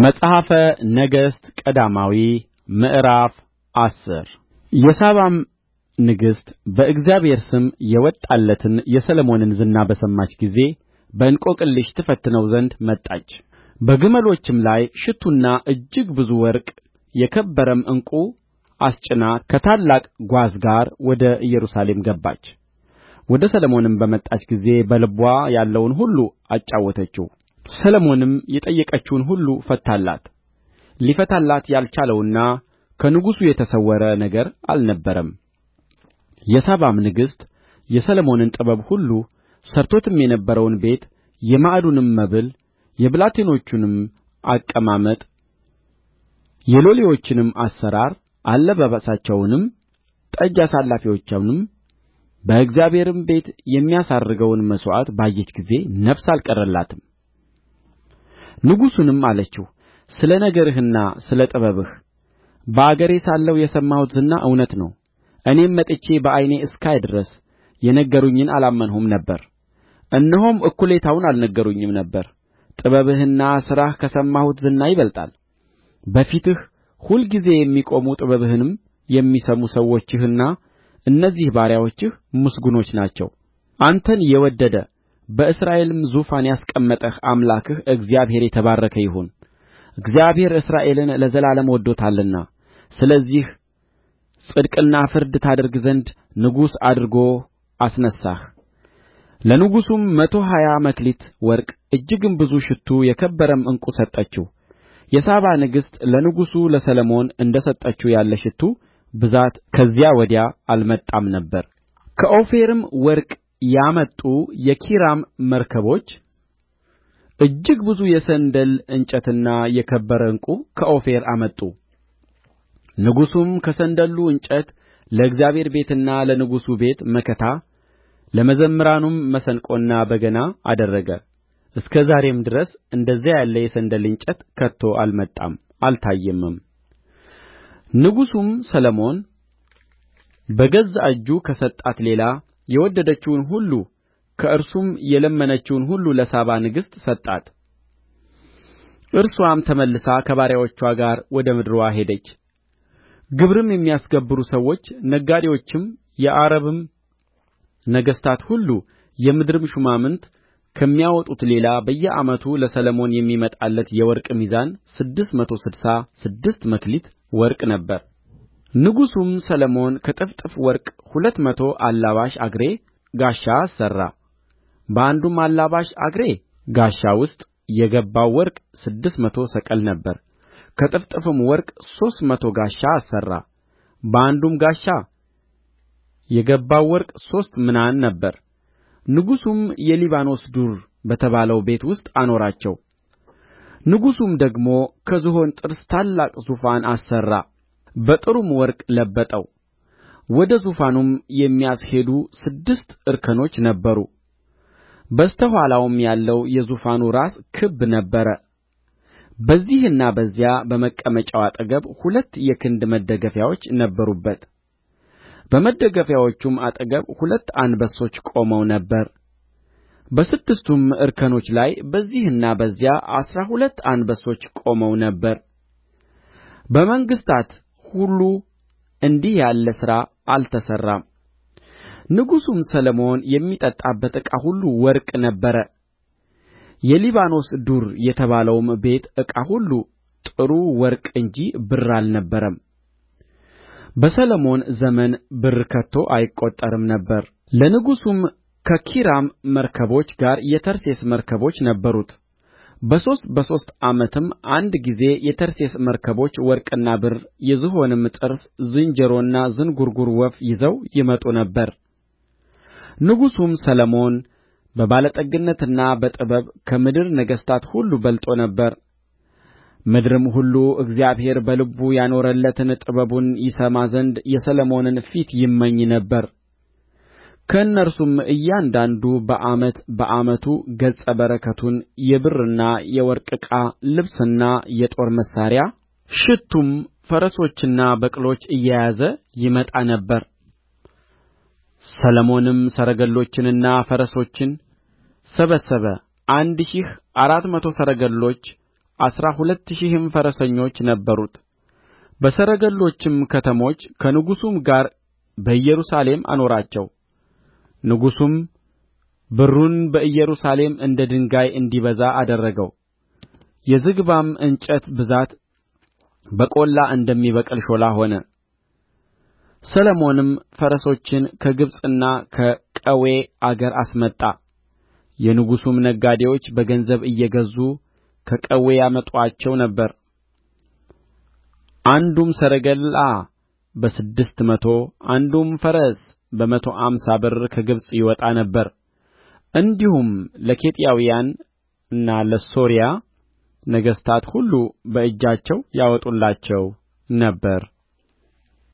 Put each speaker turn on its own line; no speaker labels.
መጽሐፈ ነገሥት ቀዳማዊ ምዕራፍ አስር የሳባም ንግሥት በእግዚአብሔር ስም የወጣለትን የሰሎሞንን ዝና በሰማች ጊዜ በእንቆቅልሽ ትፈትነው ዘንድ መጣች በግመሎችም ላይ ሽቱና እጅግ ብዙ ወርቅ የከበረም ዕንቍ አስጭና ከታላቅ ጓዝ ጋር ወደ ኢየሩሳሌም ገባች ወደ ሰሎሞንም በመጣች ጊዜ በልቧ ያለውን ሁሉ አጫወተችው ሰሎሞንም የጠየቀችውን ሁሉ ፈታላት ሊፈታላት ያልቻለውና ከንጉሡ የተሰወረ ነገር አልነበረም የሳባም ንግሥት የሰሎሞንን ጥበብ ሁሉ ሠርቶትም የነበረውን ቤት የማዕዱንም መብል የብላቴኖቹንም አቀማመጥ የሎሌዎቹንም አሠራር አለባበሳቸውንም ጠጅ አሳላፊዎቹንም በእግዚአብሔርም ቤት የሚያሳርገውን መሥዋዕት ባየች ጊዜ ነፍስ አልቀረላትም ንጉሡንም አለችው ስለ ነገርህና ስለ ጥበብህ በአገሬ ሳለሁ የሰማሁት ዝና እውነት ነው እኔም መጥቼ በዓይኔ እስካይ ድረስ የነገሩኝን አላመንሁም ነበር እነሆም እኵሌታውን አልነገሩኝም ነበር ጥበብህና ሥራህ ከሰማሁት ዝና ይበልጣል በፊትህ ሁልጊዜ የሚቆሙ ጥበብህንም የሚሰሙ ሰዎችህና እነዚህ ባሪያዎችህ ምስጉኖች ናቸው አንተን የወደደ በእስራኤልም ዙፋን ያስቀመጠህ አምላክህ እግዚአብሔር የተባረከ ይሁን እግዚአብሔር እስራኤልን ለዘላለም ወድዶታልና ስለዚህ ጽድቅና ፍርድ ታደርግ ዘንድ ንጉሥ አድርጎ አስነሣህ ለንጉሡም መቶ ሀያ መክሊት ወርቅ እጅግም ብዙ ሽቱ የከበረም ዕንቍ ሰጠችው የሳባ ንግሥት ለንጉሡ ለሰሎሞን እንደ ሰጠችው ያለ ሽቱ ብዛት ከዚያ ወዲያ አልመጣም ነበር ከኦፊርም ወርቅ ያመጡ የኪራም መርከቦች እጅግ ብዙ የሰንደል እንጨትና የከበረ ዕንቍ ከኦፊር አመጡ ንጉሡም ከሰንደሉ እንጨት ለእግዚአብሔር ቤትና ለንጉሡ ቤት መከታ ለመዘምራኑም መሰንቆና በገና አደረገ እስከ ዛሬም ድረስ እንደዚያ ያለ የሰንደል እንጨት ከቶ አልመጣም አልታየምም ንጉሡም ሰሎሞን በገዛ እጁ ከሰጣት ሌላ የወደደችውን ሁሉ ከእርሱም የለመነችውን ሁሉ ለሳባ ንግሥት ሰጣት እርስዋም ተመልሳ ከባሪያዎችዋ ጋር ወደ ምድርዋ ሄደች ግብርም የሚያስገብሩ ሰዎች ነጋዴዎችም የዓረብም ነገሥታት ሁሉ የምድርም ሹማምት ከሚያወጡት ሌላ በየዓመቱ ለሰሎሞን የሚመጣለት የወርቅ ሚዛን ስድስት መቶ ስድሳ ስድስት መክሊት ወርቅ ነበረ ንጉሡም ሰሎሞን ከጥፍጥፍ ወርቅ ሁለት መቶ አላባሽ አግሬ ጋሻ አሠራ በአንዱም አላባሽ አግሬ ጋሻ ውስጥ የገባው ወርቅ ስድስት መቶ ሰቅል ነበረ ከጥፍጥፍም ወርቅ ሦስት መቶ ጋሻ አሠራ በአንዱም ጋሻ የገባው ወርቅ ሦስት ምናን ነበረ ንጉሡም የሊባኖስ ዱር በተባለው ቤት ውስጥ አኖራቸው ንጉሡም ደግሞ ከዝሆን ጥርስ ታላቅ ዙፋን አሠራ በጥሩም ወርቅ ለበጠው ወደ ዙፋኑም የሚያስሄዱ ስድስት እርከኖች ነበሩ በስተ ኋላውም ያለው የዙፋኑ ራስ ክብ ነበረ በዚህና በዚያ በመቀመጫው አጠገብ ሁለት የክንድ መደገፊያዎች ነበሩበት በመደገፊያዎቹም አጠገብ ሁለት አንበሶች ቆመው ነበር በስድስቱም እርከኖች ላይ በዚህና በዚያ አሥራ ሁለት አንበሶች ቆመው ነበር በመንግሥታት ሁሉ እንዲህ ያለ ሥራ አልተሠራም ንጉሡም ሰሎሞን የሚጠጣበት ዕቃ ሁሉ ወርቅ ነበረ የሊባኖስ ዱር የተባለውም ቤት ዕቃ ሁሉ ጥሩ ወርቅ እንጂ ብር አልነበረም በሰሎሞን ዘመን ብር ከቶ አይቈጠርም ነበር ለንጉሡም ከኪራም መርከቦች ጋር የተርሴስ መርከቦች ነበሩት በሦስት በሦስት ዓመትም አንድ ጊዜ የተርሴስ መርከቦች ወርቅና ብር የዝሆንም ጥርስ ዝንጀሮና ዝንጕርጕር ወፍ ይዘው ይመጡ ነበር ንጉሡም ሰሎሞን በባለጠግነትና በጥበብ ከምድር ነገሥታት ሁሉ በልጦ ነበር ምድርም ሁሉ እግዚአብሔር በልቡ ያኖረለትን ጥበቡን ይሰማ ዘንድ የሰሎሞንን ፊት ይመኝ ነበር ከእነርሱም እያንዳንዱ በዓመት በዓመቱ ገጸ በረከቱን የብርና የወርቅ ዕቃ ልብስና የጦር መሣሪያ ሽቱም ፈረሶችና በቅሎች እየያዘ ይመጣ ነበር ሰሎሞንም ሰረገሎችንና ፈረሶችን ሰበሰበ አንድ ሺህ አራት መቶ ሰረገሎች አሥራ ሁለት ሺህም ፈረሰኞች ነበሩት በሰረገሎችም ከተሞች ከንጉሡም ጋር በኢየሩሳሌም አኖራቸው ንጉሡም ብሩን በኢየሩሳሌም እንደ ድንጋይ እንዲበዛ አደረገው የዝግባም እንጨት ብዛት በቈላ እንደሚበቅል ሾላ ሆነ ሰሎሞንም ፈረሶችን ከግብጽና ከቀዌ አገር አስመጣ የንጉሡም ነጋዴዎች በገንዘብ እየገዙ ከቀዌ ያመጡአቸው ነበር አንዱም ሰረገላ በስድስት መቶ አንዱም ፈረስ በመቶ አምሳ ብር ከግብፅ ይወጣ ነበር እንዲሁም ለኬጢያውያንና ለሶርያ ነገሥታት ሁሉ በእጃቸው ያወጡላቸው ነበር